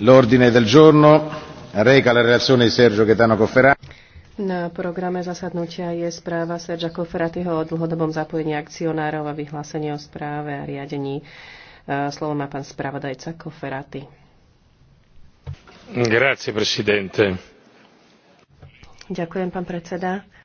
L'ordine del giorno reca la relazione di Sergio Gaetano Cofferati. Na programe zasadnutia je správa Sergia Koferatiho o dlhodobom zapojení akcionárov a vyhlásení o správe a riadení. E, slovo má pán spravodajca Koferaty. Grazie, presidente. Ďakujem, pán predseda.